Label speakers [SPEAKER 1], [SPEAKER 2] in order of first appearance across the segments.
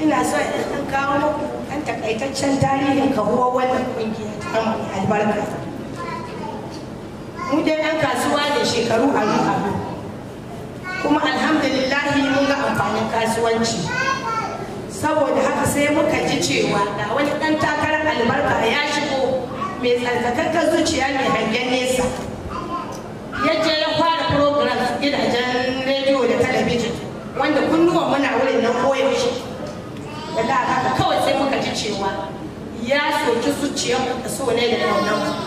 [SPEAKER 1] ina so in san kawo muku ɗan takaitaccen tarihin kahuwa wannan ƙungiya ta mai albarka mu dai ɗan kasuwa ne shekaru a abu kuma alhamdulillahi mun ga amfanin kasuwanci saboda haka sai muka ji cewa da wani ɗan takarar albarka ya shigo mai tsarkakakken zuciya mai hangen nesa yadda ya fara program gidajen rediyo da talabijin wanda kunnuwa muna wurin na koyaushe wanda haka kawai sai muka ji cewa ya soki zuciyarmu da so ne da kaunar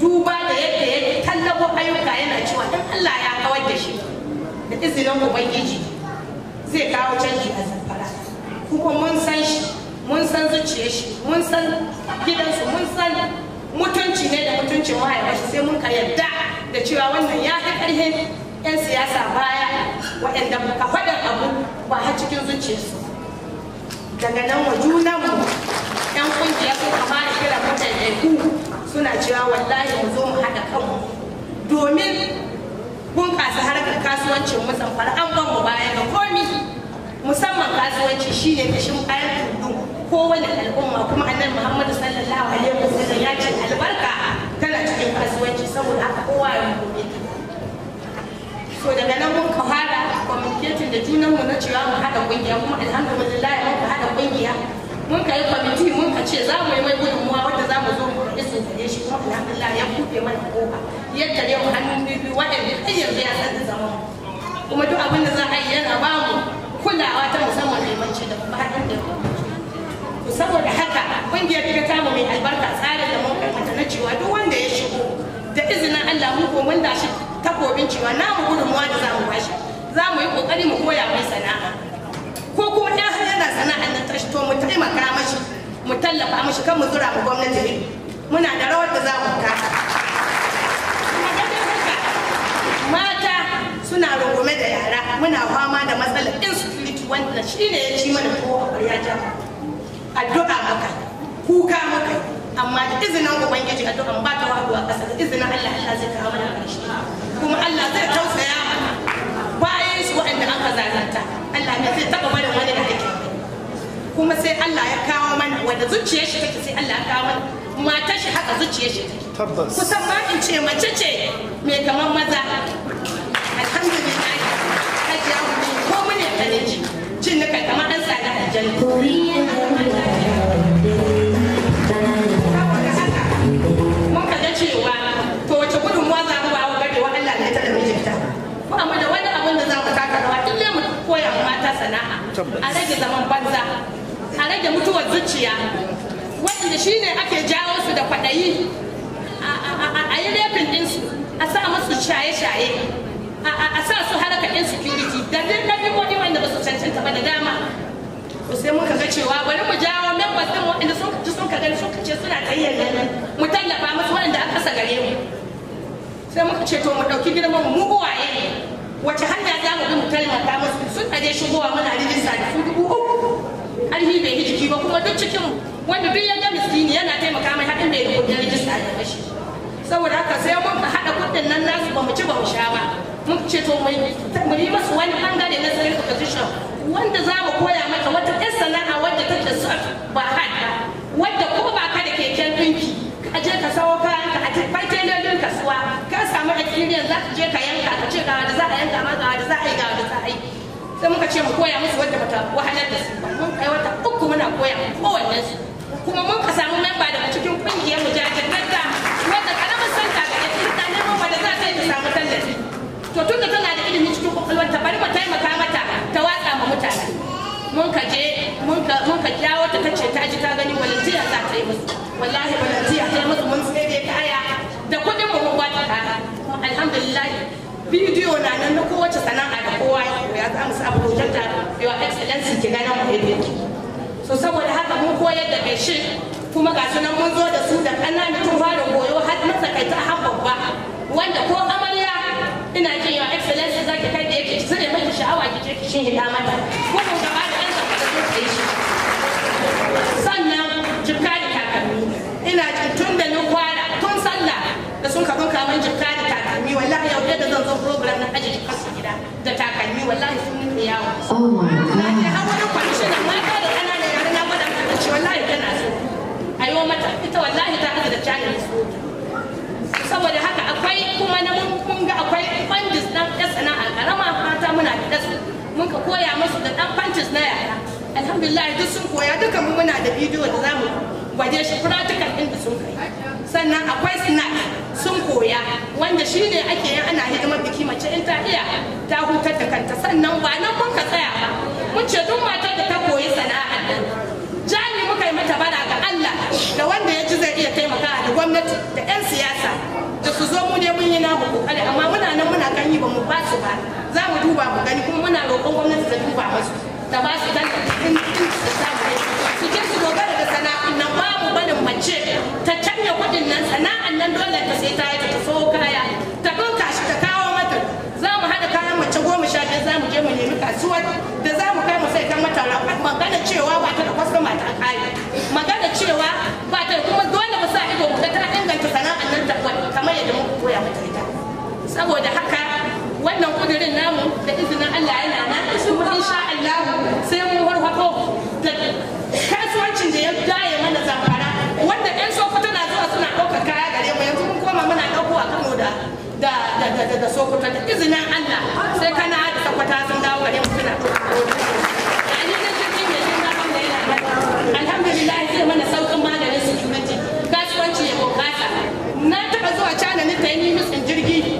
[SPEAKER 1] duba da yadda ya tallabo ayyuka yana cewa dan Allah ya kawar da shi da izinin ubangiji zai kawo canji a zafara. kuma mun san shi mun san zuciyar shi mun san gidansu mun san mutunci ne da mutuncin wayar shi sai mun ka yarda da cewa wannan ya fi ƙarfin 'yan siyasa baya waɗanda ka faɗin abu ba har cikin zuciyarsu daga nan wa junanmu yan kungiya sun kama da kira mutan ɗaiku suna cewa wallahi mu zo mu haɗa kanmu domin bunƙasa harkar kasuwancin mu zamfara an ban mu baya ga komi musamman kasuwanci shine kashin bayan ko kowane al'umma kuma annan Muhammadu sallallahu alaihi wasallam ya ce albarka tana cikin kasuwanci saboda haka kowa ya gobe so daga nan mun ka fara communicating da junanmu na cewa mu haɗa ƙungiya kuma alhamdulillah mun ka haɗa ƙungiya mun ka yi kwamiti mun ka ce za mu yi mai gudunmuwa wanda za mu zo mu roƙi su da shi kuma alhamdulillah ya kufe mana kofa yadda ne mu hannun bibi waɗanda har yanzu ya san zaman kuma duk abin da za a yi yana ba mu kulawa ta musamman limanci da kuma haɗin da to saboda haka ƙungiyar ta tamu mai albarka tsarin da mun kai na cewa duk wanda ya shigo da izinin Allah mu ko mun da shi takobin cewa namu gudunmuwa da za mu bashi za mu yi kokari mu koya mai sana'a ko kuma dan har yana sana'ar nan tashi to mu taimaka mashi mu tallafa mashi kan mu zura mu gwamnati ne muna da rawar da za mu taka mata suna rungume da yara muna fama da matsalar insecurity wanda shine ya ci mana kowa ƙwarya jama'a addu'a maka kuka maka amma da izinin ubangiji addu'a ba ta wadu a ƙasa da izinin Allah Allah zai kawo mana karshe kuma Allah zai tausaya mana bayan su waɗanda aka zazanta Allah ne zai taɓa barin wani da ake kuma sai Allah ya kawo mana wanda zuciyar shi take sai Allah ya kawo mana matar shi haka zuciyar shi
[SPEAKER 2] take
[SPEAKER 1] kusan ba in ce mace ce mai kamar maza alhamdulillah hajiya ko mun ya ta ne ji cin nika kamar an tsada aljanna a rage zaman banza a rage mutuwar zuciya wanda shi ne ake jawo su da kwaɗayi a yi laifin ɗinsu a sa musu shaye-shaye a sa su haraka insecurity da duk ɗabi'o'i wanda ba su cancanta ba da dama sai muka ga cewa bari mu jawo members ɗin waɗanda sun ci sun ka gani sun kace suna tayyar nan mu tallafa musu waɗanda aka sa gare mu sai muka ce to mu ɗauki girman mu mu uwaye wace hanya za mu bi mu taimaka musu sun je shigowa muna rijista da su dubu uku alhi bai yi jiki ba kuma duk cikin wanda duk ya ga miskini yana taimaka mai haɗin da ya rijin sa da shi. saboda haka sai mun ka haɗa kudin nan nasu ba mu ci ba mu sha ba mun ce to mu yi masu wani bangare na da position wanda za mu koya maka wata ɗan sana'a wadda take da ba haɗa wadda ko ba ka da keken ɗinki ka je ka sawo kayan ka a tabbai tendodin kasuwa ka samu experience za ka je ka yanka ka ce ga da za a yanka ma ga wanda za a yi ga da za a yi sai muka ce mu koya musu wadda bata wahalar da su ba mun kai wata uku muna koya kowanne su kuma mun ka samu memba daga cikin kungiyar mu jajin hadda wadda karamin santa ga da ta nemo da za ta yi ta samu tallafi to tun da tana da ilimi cikin kwakwalwar ta bari mu taimaka mata ta watsa mu mutane mun ka je mun ka kira wata ta ce ta ji ta gani walantiya za ta yi musu wallahi walantiya ta yi musu mun sai kaya da kudin mu mun ta kaya alhamdulillah bidiyo na nan na kowace sana'a da kowa ya koya za mu sa projecta yawa excellence ki gana mu yadda ki so saboda haka mun koyar da beshin kuma ga sunan mun zo da su da ƙananan tun fara goyo har matsakaita har babba wanda ko amarya ina jin yawa excellence za ki kai da yake ki mai sha'awa ki je ki shin hida mata sannan jikka da takalmi ina tun da ni kwara tun sallah da sun kafin kaman jikka da takalmi wallahi yau da zan zo program na ajiye kasu gida da takalmi wallahi sun yi yawo oh alhamdulillah duk sun koya duka mu muna da bidiyo da zamu gwaje shi practical din da sun kai sannan akwai snack sun koya wanda shi ake yin ana hidimar biki mace in ta iya ta hutar da kanta sannan ba nan mun ka tsaya ba mun ce duk matar da ta koyi sana'a nan jami muka yi mata bara ga Allah da wanda ya ji zai iya taimakawa da gwamnati da 'yan siyasa da su zo mu ne mun yi namu kokari amma muna nan muna kan yi ba mu ba su ba za mu duba mu gani kuma muna roƙon gwamnati ta duba masu da ba su dan su je su dogara da sana'an nan babu barin mace ta canja kuɗin nan sana'an nan dole ta sai ta yi ta so kaya ta ɗauka shi ta kawo mata za mu haɗa kayan mace goma sha biyar za mu je mu nemi kasuwar da za mu kai mu sai kan mata magana cewa ba ta da kwastoma ta kare magana cewa ba ta kuma dole mu sa ido mu ga ta inganta sana'an nan ta kamar yadda muka koya mata ita saboda haka wannan kudirin namu da izinin Allah yana nan shi mu insha Allah sai mu warwako da kasuwancin da ya daye mana zamfara wanda ɗan Sokoto na zuwa suna ɗaukar kaya gare mu yanzu mun koma muna ɗauko a Kano da da da da da Sokoto da izinin Allah sai kana da Sokoto sun dawo gare mu suna Alhamdulillah zai mana saukin maganin su kasuwanci ya bunƙasa na taɓa zuwa China ta yi nutsin jirgi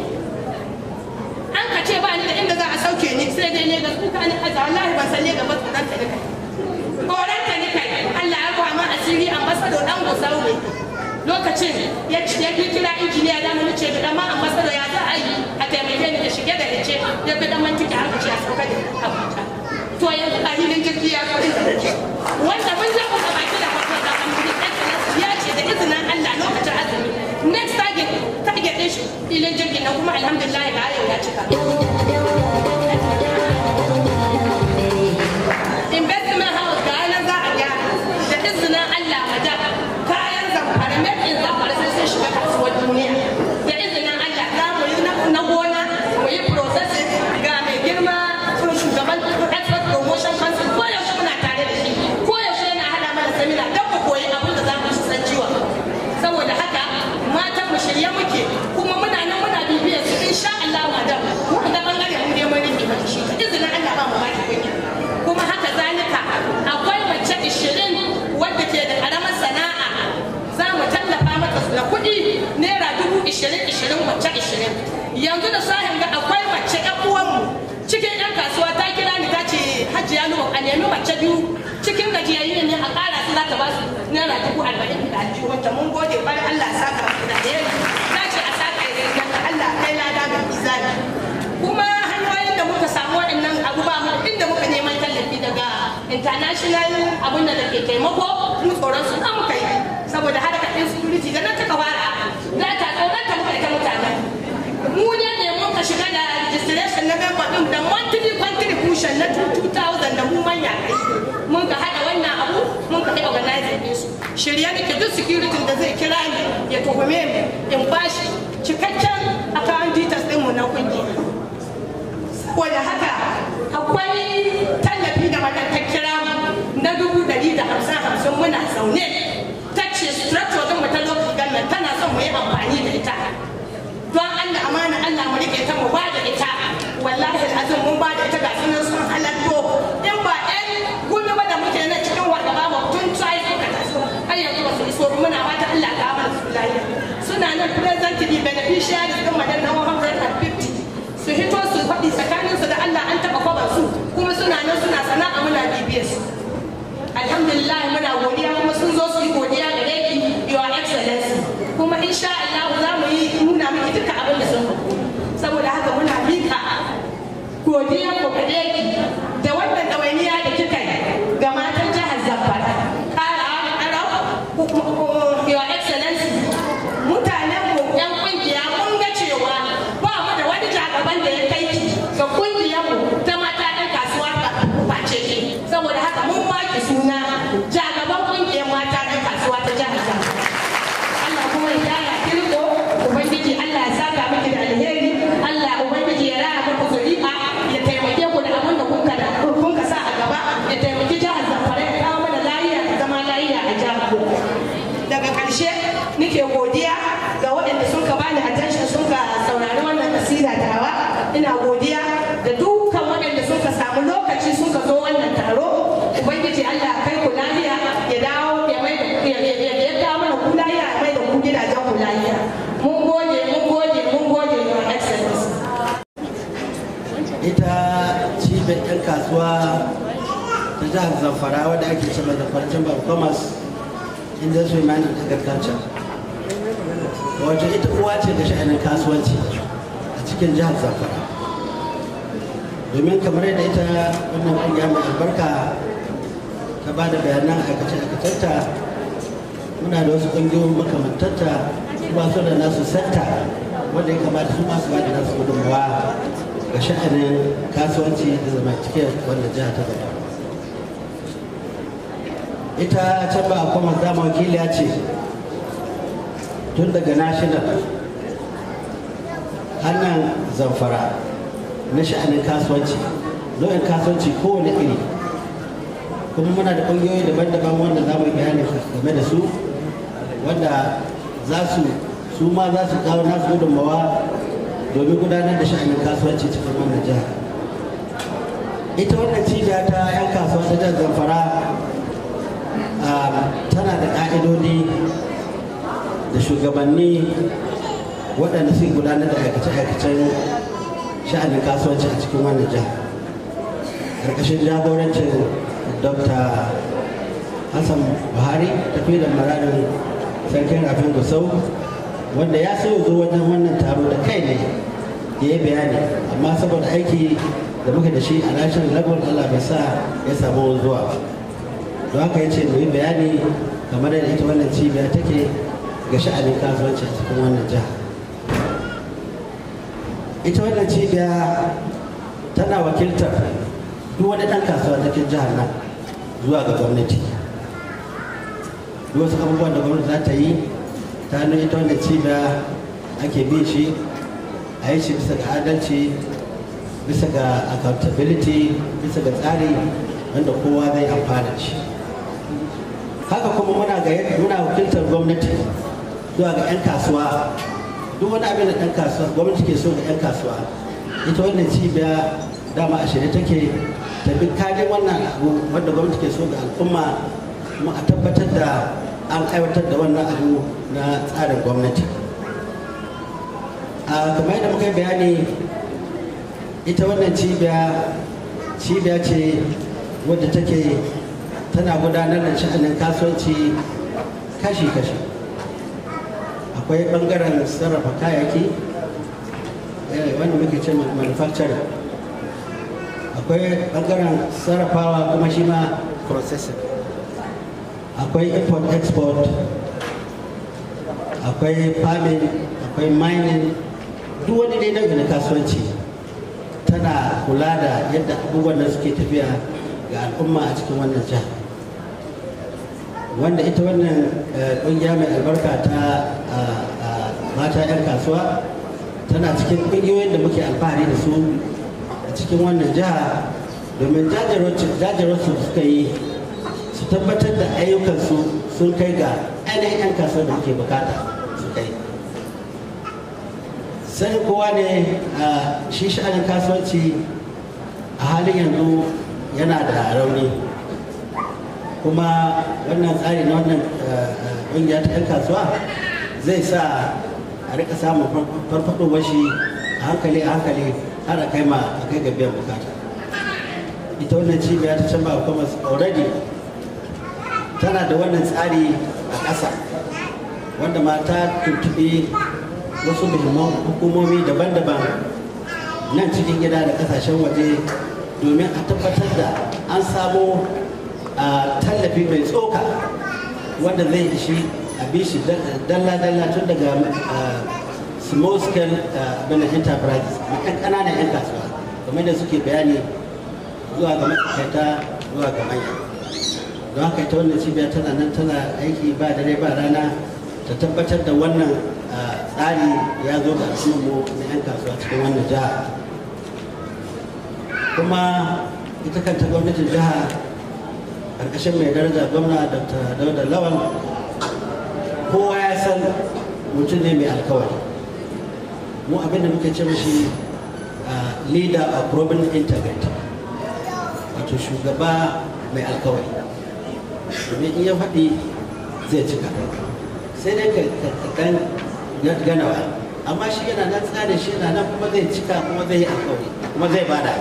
[SPEAKER 1] ka ce ba ni da inda za a sauke ni sai dai ne ga kuka ni aza wallahi ban san ga tsoron ta ni kai tsoron ta ni kai Allah ya kwa min asiri ambasado dan gusau ne lokacin ya ya kira injiniya da mun ce da ma ambasado ya za a yi a taimake ni da shige da hice ya bi da mantiki har ce a sauka da Abuja to yanzu a hilin jirgi ya sannan kuma alhamdulillah ba ya cika yanzu da sahin ga akwai mace yan uwanmu cikin yan kasuwa ta kira ni ta ce hajiya nuwa a nemi mace biyu cikin gajiyayyu ne a ƙara su za ta ba su naira dubu arba'in da aljihu wata mun gode bari Allah sa ka da alheri na ce a sa ka yi Allah kai lada ga izali kuma hanyoyin da muka samu waɗannan abu ba mu inda muka neman tallafi daga international abun da ke taimako mu tsoron su za mu kai saboda harkar insecurity da nan ta kawara za mu ne ne ka shiga da registration na member din da monthly contribution na 2000 da mu manya kai mun ka hada wannan abu mun ka kai organizing din su shirye nake duk security da zai kira ni ya tuhume ni in bashi cikakken account details din mu na kungiya saboda haka akwai tallafi da mata kira na dubu dari da hamsin hamsin muna zaune ta ce structure din mu ta local tana son mu yi amfani da ita don Allah Allah mu rike ta mu ba da ita wallahi azum mun ba da ita ga sunan sun halatto in ba ɗan gumi ba da muke na cikin wargaba ba tun tsaye suka taso har yanzu ba su iso ba muna fata Allah ka ba su lafiya suna nan present the beneficiaries din madan na 150 su hito su faɗi tsakaninsu da Allah an taɓa kwaban su kuma suna nan suna sana'a muna bibiyar su alhamdulillah muna godiya kuma sun zo su yi godiya gare ki your excellency kuma insha Allah za podia
[SPEAKER 3] na jihar zamfara wadda ake cewa zamfara chamber babu thomas inda su imani da agriculture wajen ita uwa ce da sha'anin kasuwanci a cikin jihar zamfara domin kamar yadda ita wannan kungiya mai albarka ta ba da bayanan aikace-aikacentta muna da wasu kungiyoyin makamantarta kuma su da nasu santa wanda ya kamata su masu ba da nasu gudunmawa ga sha'anin kasuwanci da cikin wannan jihar ta zama ita can ba kuma wakili wakiliya ce tun daga national hannun zamfara na sha'anin kasuwanci nau'in kasuwanci kowane iri kuma muna da ƙungiyoyi daban-daban wanda za mu bayani game da su wanda za su su ma za su kawo nasu gudunmawa domin gudanar da sha'anin kasuwanci cikin wannan jihar ita wannan cibiya ta 'yan kasuwa ta jihar zamfara tana da ƙa'idodi da shugabanni waɗanda su gudanar da aikace-aikacen sha'anin kasuwanci a cikin wannan jihar ƙarƙashin jagorancin dr hassan buhari tafi da maradin sarkin rafin gusau wanda ya so zo wajen wannan taro da kai ne ya yi bayani amma saboda aiki da muka da shi a national level allah bai sa ya samu zuwa ba don haka ya ce mu yi bayani game da ita wannan cibiya take ga sha'anin kasuwanci a cikin wannan jiha ita wannan cibiya tana wakiltar duk wani ɗan kasuwa cikin jihar nan zuwa ga gwamnati duk wasu abubuwan da gwamnati za ta yi ta hannun ita wannan cibiya ake bin shi a yi shi bisa ga adalci bisa ga accountability bisa ga tsari wanda kowa zai amfana shi haka kuma muna ga muna wakiltar gwamnati zuwa ga 'yan kasuwa duk wani abin da ɗan kasuwa gwamnati ke so ga 'yan kasuwa ita wannan cibiya dama a shirye take ta bi wannan abu wanda gwamnati ke so ga al'umma kuma a tabbatar da an aiwatar da wannan abu na tsarin gwamnati a kamar yadda muka bayani ita wannan cibiya cibiya ce wadda take tana gudanar da sha'anin kasuwanci kashi-kashi akwai bangaren sarrafa kayaki eh, wanda muke ce manufacturer akwai bangaren sarrafawa kuma shi ma processing akwai import export akwai farming akwai mining duk wani dai daga kasuwanci tana kula da yadda abubuwan da suke tafiya ga al'umma a cikin wannan jihar wanda ita wannan eh, kungiya mai albarka ta mata 'yan kasuwa tana cikin kungiyoyin da muke alfahari da su a cikin wannan jiha domin jajirarsu suka yi su tabbatar da ayyukansu sun kai ga ainihin 'yan kasuwa da muke bukata su kai sai kowa ne shi sha'anin kasuwanci a halin yanzu yana da rauni kuma wannan tsari na wannan ƙungiya eh, ta 'yan kasuwa zai sa a rika samun farfaɗo washi a hankali a hankali har a kai ma a kai ga biyan bukata ita wannan cibiya ta canza a kuma already tana da wannan tsari a ƙasa wanda ma ta tuntuɓi wasu muhimman hukumomi daban-daban nan cikin gida da ƙasashen waje domin a tabbatar da an samo tallafi mai tsoka wanda zai ishi a bishi dalla-dalla tun daga small scale business enterprise na kan ƙananan 'yan kasuwa kamar da suke bayani zuwa ga makasaita zuwa ga manya don haka ita wannan cibiya tana nan tana aiki ba dare ba rana ta tabbatar da wannan tsari ya zo ga al'ummu na 'yan kasuwa cikin wannan jiha kuma ita kanta gwamnatin jiha karkashin mai daraja gwamna dr dauda lawan kowa ya san mutum ne mai alkawari mu abin da muke ce mashi leader of robin internet wato shugaba mai alkawari domin iya faɗi zai cika sai dai ka ganawa amma shi yana nan tsare shi yana nan kuma zai cika kuma zai yi alkawari kuma zai bada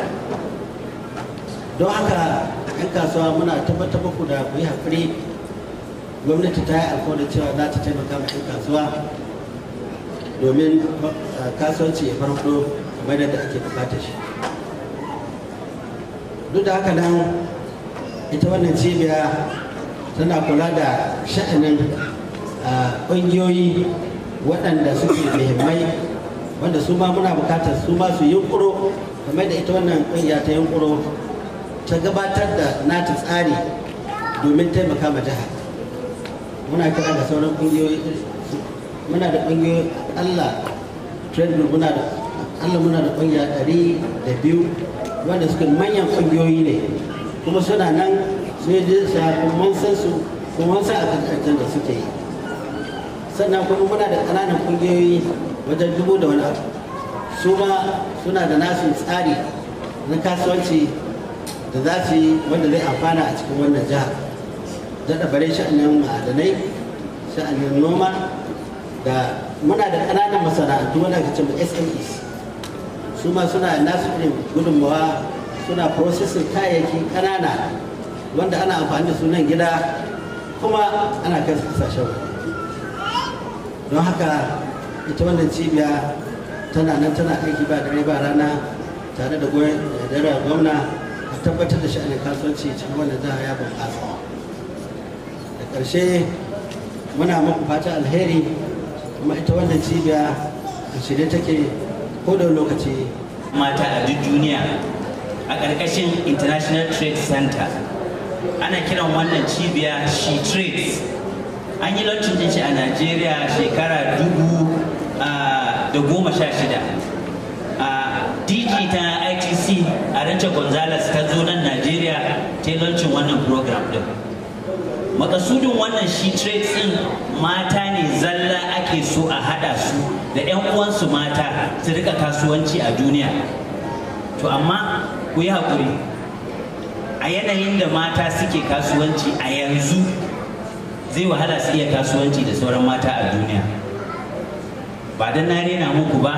[SPEAKER 3] don haka 'yan kasuwa muna tabbatar muku da ku yi haƙuri gwamnati ta yi alkawarin cewa za ta taimaka ma 'yan kasuwa domin kasuwanci ya farko kamar yadda ake bukatar shi duk da haka nan ita wannan cibiya tana kula da sha'anin ƙungiyoyi waɗanda suke muhimmai wanda su ma muna bukatar su ma su kuro kamar da ita wannan ƙungiya ta kuro ta gabatar da nata tsari domin taimaka ma jiha muna kira da sauran kungiyoyi muna da kungiyoyi allah trade muna da allah muna da kungiya ɗari da biyu wanda suke manyan kungiyoyi ne kuma suna nan su yi sa mun san su kuma san a kan da suke yi sannan kuma muna da ƙananan kungiyoyi wajen dubu da wani abu su ma suna da nasu tsari na kasuwanci da za su yi wanda zai amfana a cikin wannan jihar daɗa bare sha'anin ma'adanai sha'anin noma da muna da ƙananan masana'antu wanda ake cewa SMEs su ma suna nasu irin gudunmawa suna processing kayayyakin ƙanana wanda ana amfani da sunan gida kuma ana kai su kasashen don haka ita wannan cibiya tana nan tana aiki ba dare ba rana tare da gwamna tabbatar da sha'anin kasuwanci cikin za a ya bunƙasa da ƙarshe muna muku fata alheri kuma ita wannan cibiya a shirye take ko da lokaci
[SPEAKER 4] mata a duk duniya a ƙarƙashin international trade center ana kiran wannan cibiya she trades an yi launcin shi a najeriya shekara dubu da goma sha shida a dg ta itc a rancen gwanza yi wannan program din makasudin wannan shi trade din mata ne zalla ake so a hada su da 'yan uwansu mata su rika kasuwanci a duniya to amma ku yi haƙuri a yanayin da mata suke kasuwanci a yanzu zai wahala su iya kasuwanci da sauran mata a duniya ba don na rena muku ba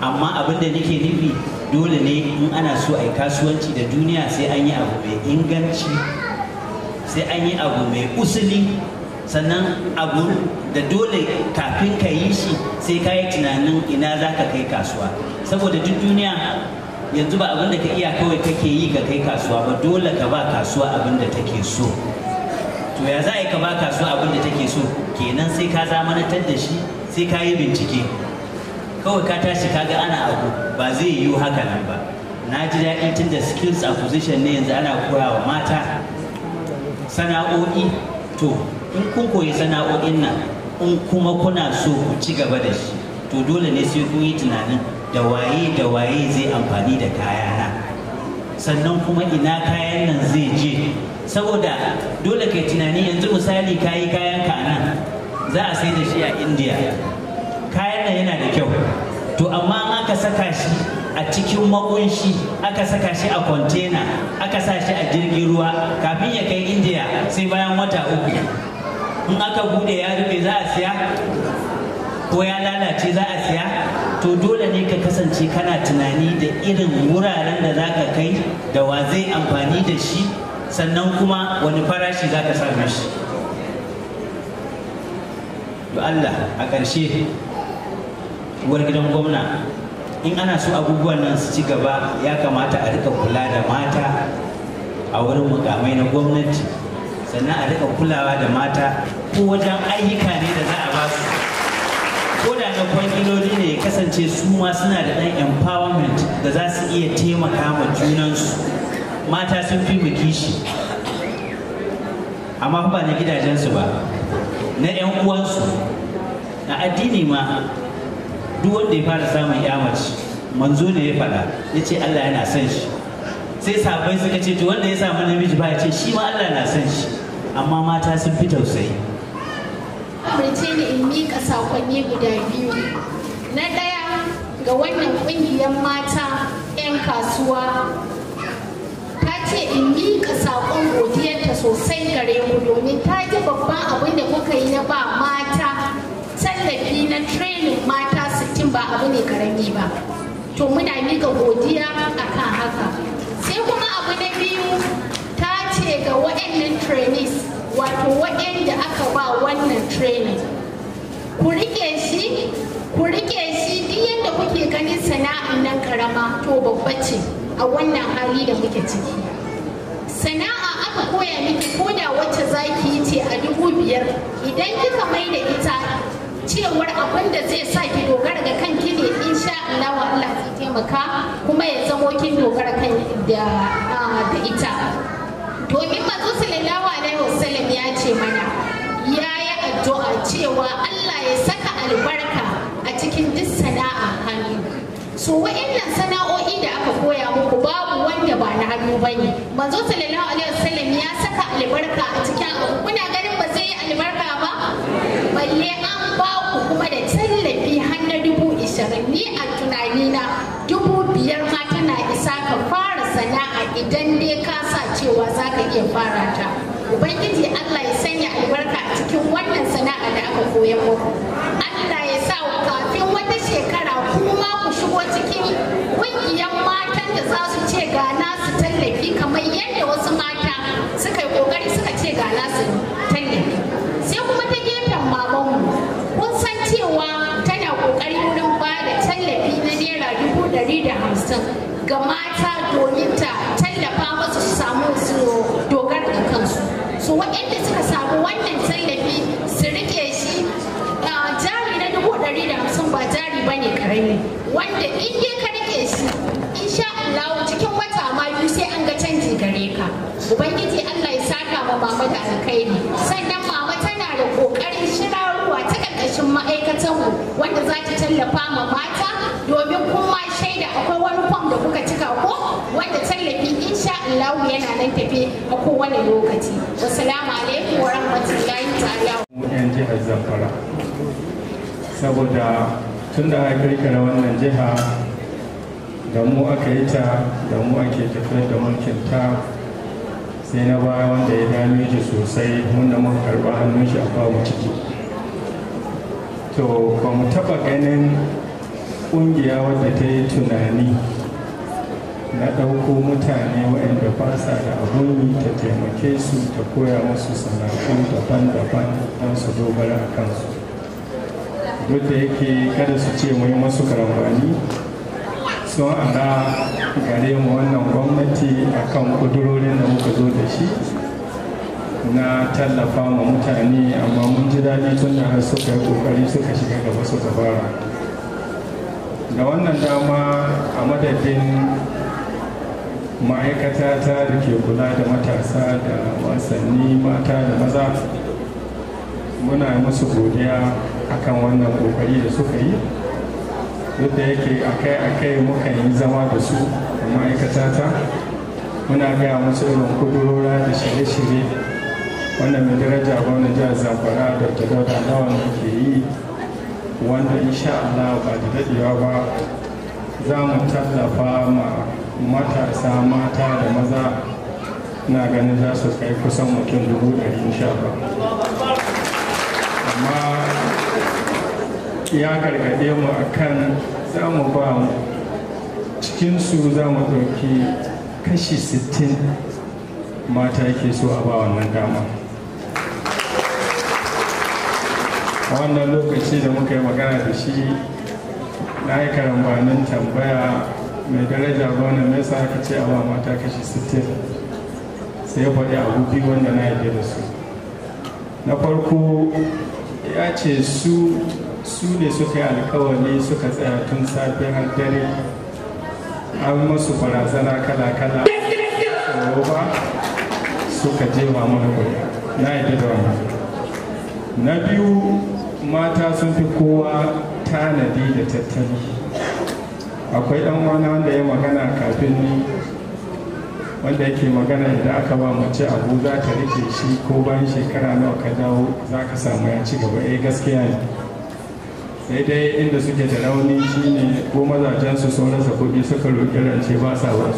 [SPEAKER 4] amma abin da nake nufi dole ne in ana so a yi kasuwanci da duniya sai an yi abu mai inganci sai an yi abu mai usuli sannan abu da dole kafin ka yi shi sai ka yi tunanin ina za ka kai kasuwa saboda duk duniya yanzu ba abin da ka iya kawai kake yi ga kai kasuwa ba dole ka ba kasuwa abin da take so to ya za a yi ka ba kasuwa abin da take so kenan sai ka zamanantar da shi sai ka yi bincike kawai ka tashi kaga ana abu ba zai yiwu haka nan ba na ji daɗi tun da skills acquisition ne yanzu ana koya wa mata sana'o'i to in kun koyi sana'o'in nan in kuma kuna so ku ci gaba da shi to dole ne sai kun yi tunanin da waye da waye zai amfani da kayana sannan kuma ina kayan nan zai je saboda dole kai tunani yanzu misali kayi kayan ka nan za a sai da shi a indiya yana da kyau to amma aka saka shi a cikin makunshi aka saka shi a kwantena aka sa shi a jirgin ruwa kafin ya kai indiya sai bayan wata uku in aka bude ya rufe za a siya ko ya lalace za a siya to dole ne ka kasance kana tunani da irin wuraren da za ka kai da wa zai amfani da shi sannan kuma wani farashi za ka same shi Allah a ƙarshe uwar gidan gwamna in ana so abubuwan nan su ci gaba ya kamata a rika kula da mata a wurin mukamai na gwamnati sannan a rika kulawa da mata ko wajen ayyuka ne da za a ba su ko da na kwangiloli ne ya kasance su ma suna da ɗan empowerment da za su iya taimaka ma junansu mata sun fi mu kishi amma ba na gidajensu ba na 'yan uwansu na addini ma duk wanda ya fara samun ya mace manzo ne ya faɗa ya ce Allah yana son shi sai sabai suka ce to wanda ya samu namiji ba ya ce shi ma Allah na son shi amma mata sun fi tausayi
[SPEAKER 5] amurce ne in miƙa saƙonni guda biyu na ɗaya ga wannan ƙungiyar mata 'yan kasuwa ta ce in miƙa saƙon godiyarta sosai gare mu domin ta ji babban abin da kuka yi na ba mata tallafi na training mata ba abu ne karami ba to muna mika godiya a kan haka sai kuma abu na biyu ta ce ga waɗannan trainees wato waɗanda aka ba wannan training ku rike shi ku rike shi duk yadda kuke ganin sana'an nan karama to babba ce a wannan hali da muke ciki sana'a aka koya miki koda wacce zaki yi ce a dubu biyar idan kika mai da ita cewar abin da zai sa ki dogara ga kanki ne insha Allah wa Allah zai taimaka kuma ya zamo kin dogara kan da ah, ita domin manzo sallallahu alaihi wasallam ya ce mana ya yi addu'a cewa Allah ya saka albarka a cikin duk sana'a hannu so wa'annan sana'o'i da aka koya muku babu wanda ba na hannu bane manzo sallallahu alaihi wasallam ya saka albarka a cikin abu kuna ganin ba zai yi albarka ba balle an ashirin ni a tunani na dubu biyar ma tana isa ka fara sana'a idan dai ka sa cewa za ka iya fara ta ubangiji allah ya sanya albarka a cikin wannan sana'a da aka koya muku allah ya sa kafin wata shekara kuma ku shigo cikin ƙungiyar matan da za su ce ga nasu tallafi da lokaci wasalamu alaikum wa rahmatullahi ta'ala
[SPEAKER 6] yan jihar zamfara saboda tun da aka kirkira wannan jiha da mu aka yi ta da mu ake tafiyar da mulkin ta sai na baya wanda ya dame shi sosai wanda muka karba hannun shi a babu ciki to ba mu ganin ƙungiya wadda ta yi tunani na ɗauko mutane waɗanda ba sa da abun yi ta taimake su ta koya musu sana'u daban-daban don su dogara a kansu duk da yake kada su ce mai masu karambani sun ara gare mu wannan gwamnati akan kudurorin da muka zo da shi na tallafa ma mutane amma mun ji daɗi tun har suka yi ƙoƙari suka shiga da wasu dabara da wannan dama a madadin ma'aikata ta da ke kula da matasa da wasanni mata da maza muna musu godiya akan wannan kokari da suka yi duk da yake akai-akai muka yi zama da su a ma'aikata ta muna gaya musu irin kudurora da shirye-shirye wannan mai daraja gwamnan jihar zamfara da ta dauda lawan ke yi wanda insha Allah ba da daɗewa ba za mu tallafa ma matasa mata da maza na ganin za su kai kusan mutum dubu ɗari shafa. amma ya gargaɗe mu akan za mu ba cikinsu za mu ɗauki kashi sittin mata yake so a ba wannan dama a wannan lokaci da muka yi magana da shi na yi karambanin tambaya mai daraja gwamna mai sa aka ce awa mata kashi 60 sai ya faɗi abu biyu wanda na yarda da su na farko ya ce su ne suka yi alkawari suka tsaya tun safe har dare an masu barazana kala-kala ba suka jefa mana kuri'a na yarda da wani. na biyu mata sun fi kowa tanadi da tattali akwai dan wani wanda ya magana kafin ni wanda yake magana idan aka ba mace abu za ta rike shi ko bayan shekara nawa ka dawo za ka samu ya ci gaba eh gaskiya ne sai dai inda suke da rauni shine ko mazajen su so rasa kuɗi suka roƙi rance ba sa ba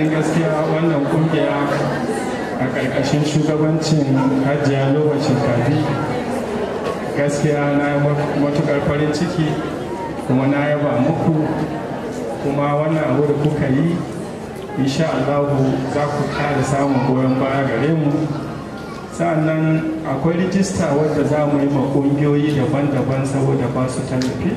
[SPEAKER 6] ganin gaskiya wannan kungiya a ƙarƙashin shugabancin hajiya lokacin kabi gaskiya na yi matuƙar farin ciki kuma na yaba muku kuma wannan abu da kuka yi insha Allah za ku ƙara samun goyon baya gare mu sa'annan akwai rijista wadda za mu yi ma ƙungiyoyi daban-daban saboda ba su tallafi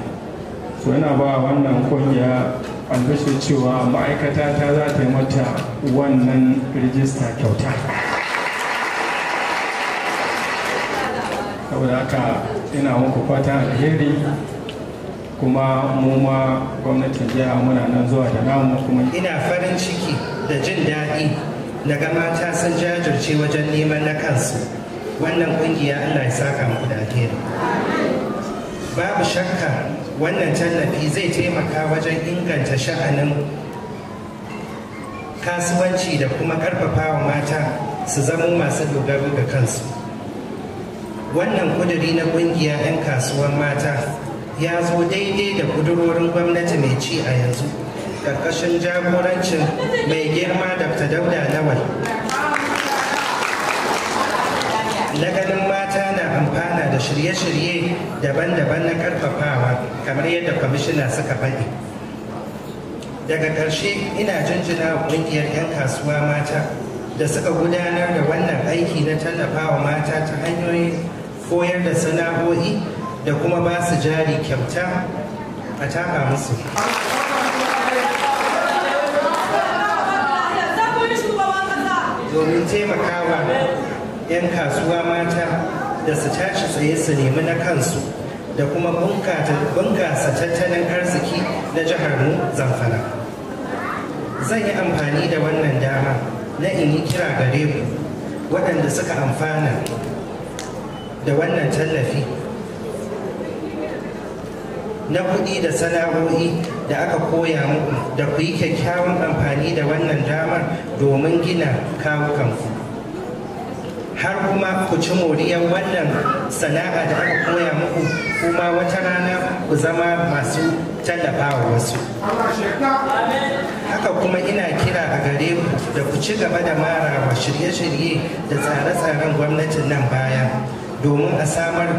[SPEAKER 6] so yana ba wannan ƙungiya albishir cewa ma'aikata ta za ta yi mata wannan rijista kyauta saboda haka ina muku fatan alheri kuma mu ma gwamnatin jiya muna nan zuwa da namu kuma ina farin ciki da jin daɗi daga mata sun jajirce wajen
[SPEAKER 2] neman na kansu wannan kungiya allah ya saka muku da alheri babu shakka wannan tallafi zai taimaka wajen inganta sha'anin kasuwanci da kuma karfafa wa mata su zama masu dogaro ga kansu wannan kuduri na kungiya 'yan kasuwar mata ya zo daidai da kudurorin gwamnati mai ci a yanzu karkashin jagorancin mai girma dr dauda lawal na ganin amfana da shirye-shirye daban-daban na karfafawa kamar yadda kwamishina suka faɗi daga ƙarshe ina jinjina wa ƙungiyar 'yan kasuwa mata da suka gudanar da wannan aiki na tallafawa mata ta hanyoyin koyar da sana'o'i da kuma ba su jari kyauta a taka musu domin taimakawa 'yan kasuwa mata da su tashi tsaye su nemi na kansu da kuma bunkasa tattalin arziki na jihar mu zamfara zan yi amfani da wannan dama na in yi kira gare ku waɗanda suka amfana da wannan tallafi na kuɗi da sana'o'i da aka koya muku da ku yi kyakkyawan amfani da wannan damar domin gina kawukanku har kuma ku ci moriyar wannan sana'a da aka koya muku kuma wata rana ku zama masu tallafawa wasu haka kuma ina kira a gare ku da ku ci gaba da wa shirye-shirye da tsare-tsaren gwamnatin nan baya domin a samar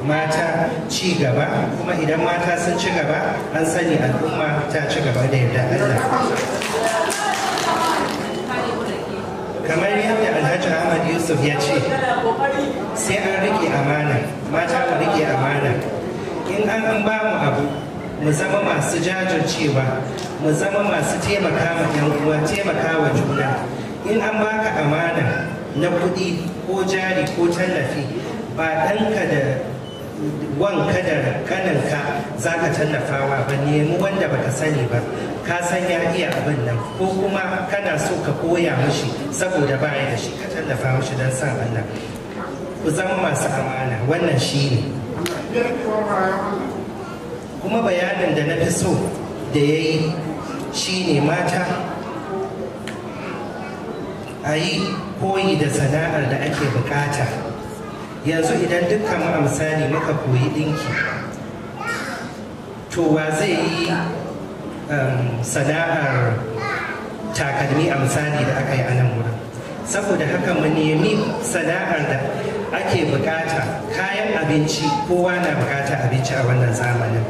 [SPEAKER 2] mata ci gaba kuma idan mata sun ci gaba an sani al'umma ta ci gaba da yarda Allah kamar yadda alhaji ahmad yusuf ya ce
[SPEAKER 4] sai an rike
[SPEAKER 2] amana mata mu rike amana in an an ba mu abu mu zama masu jajircewa mu zama masu taimaka ma yan uwa taimaka wa juna in an baka amana na kuɗi ko jari ko tallafi ba ɗanka da wanka da kaninka za ka tallafawa ba nemi wanda baka sani ba ka san ya iya abin nan ko kuma kana so ka koya mashi saboda baya da shi ka tallafa mashi don sa Allah ku zama masu amana wannan shi ne kuma bayanin da na fi so da ya yi shi ne mata a yi koyi da sana'ar da ake bukata yanzu idan dukkan mu misali muka koyi dinki, to wa zai yi um, sana'ar takalmi a misali da aka yi a nan wurin saboda haka mu nemi sana'ar da ake bukata kayan abinci kowa na bukata abinci a wannan zamanin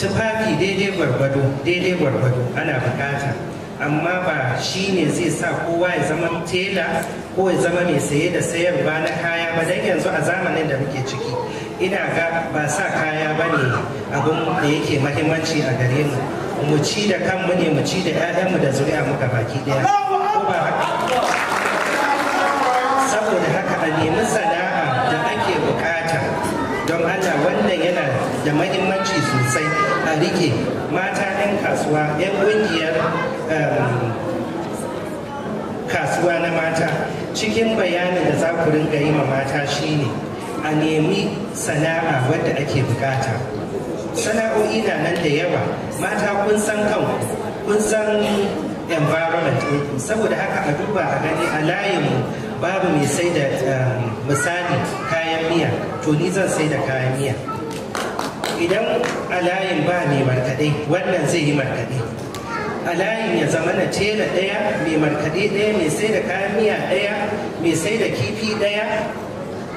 [SPEAKER 2] tufafi daidai gwargwado daidai gwargwado ana bukata amma ba shi ne zai sa kowa ya zama tela ko ya zama mai saye da sayarwa na kaya ba don yanzu a zamanin da muke ciki ina ga ba sa kaya ba ne abin da yake mahimmanci a gare mu mu ci da kanmu ne mu ci da 'ya'yanmu da zuri'a muka baki daya saboda haka a nemi sana'a da ake bukata don Allah wannan yana da mahimmanci sosai a rike mata 'yan kasuwa 'yan ƙungiyar kasuwa na mata cikin bayanin da za ku ringa yi ma mata shine a nemi sana'a wadda ake bukata sana'o'i na nan da yawa mata kun san kanku kun san environment saboda haka a duba a gani a layinmu babu mai sai da eh, misali kayan miya to ni zan sai da kayan miya idan a layin ba mai markaɗe wannan zai yi markaɗe a layin ya zama na tela ɗaya mai markaɗe daya, mai sai da kayan miya daya, mai sai da kifi daya.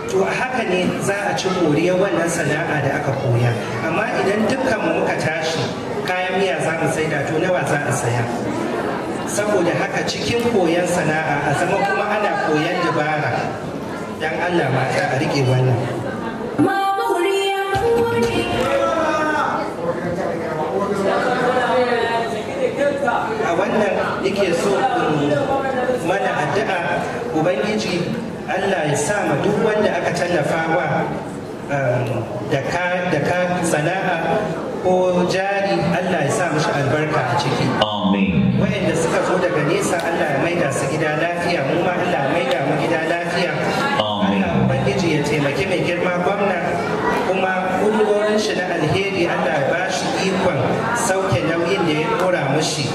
[SPEAKER 2] to a haka ne za a ci moriyar wannan sana'a da aka koya amma idan dukkan mu muka tashi kayan miya za mu da to nawa za a saya saboda haka cikin koyan sana'a a zama kuma ana koyan dabara dan allah mata a rike wannan
[SPEAKER 6] a wannan yake so mana
[SPEAKER 2] addu'a ubangiji allah ya sa ma duk wanda aka tallafa wa um, da ka sana'a ko jari allah ya sa mashi albarka a ciki wayanda suka zo daga nesa allah ya maida su gida lafiya mu ma allah ya maida mu gida lafiya 不然不行。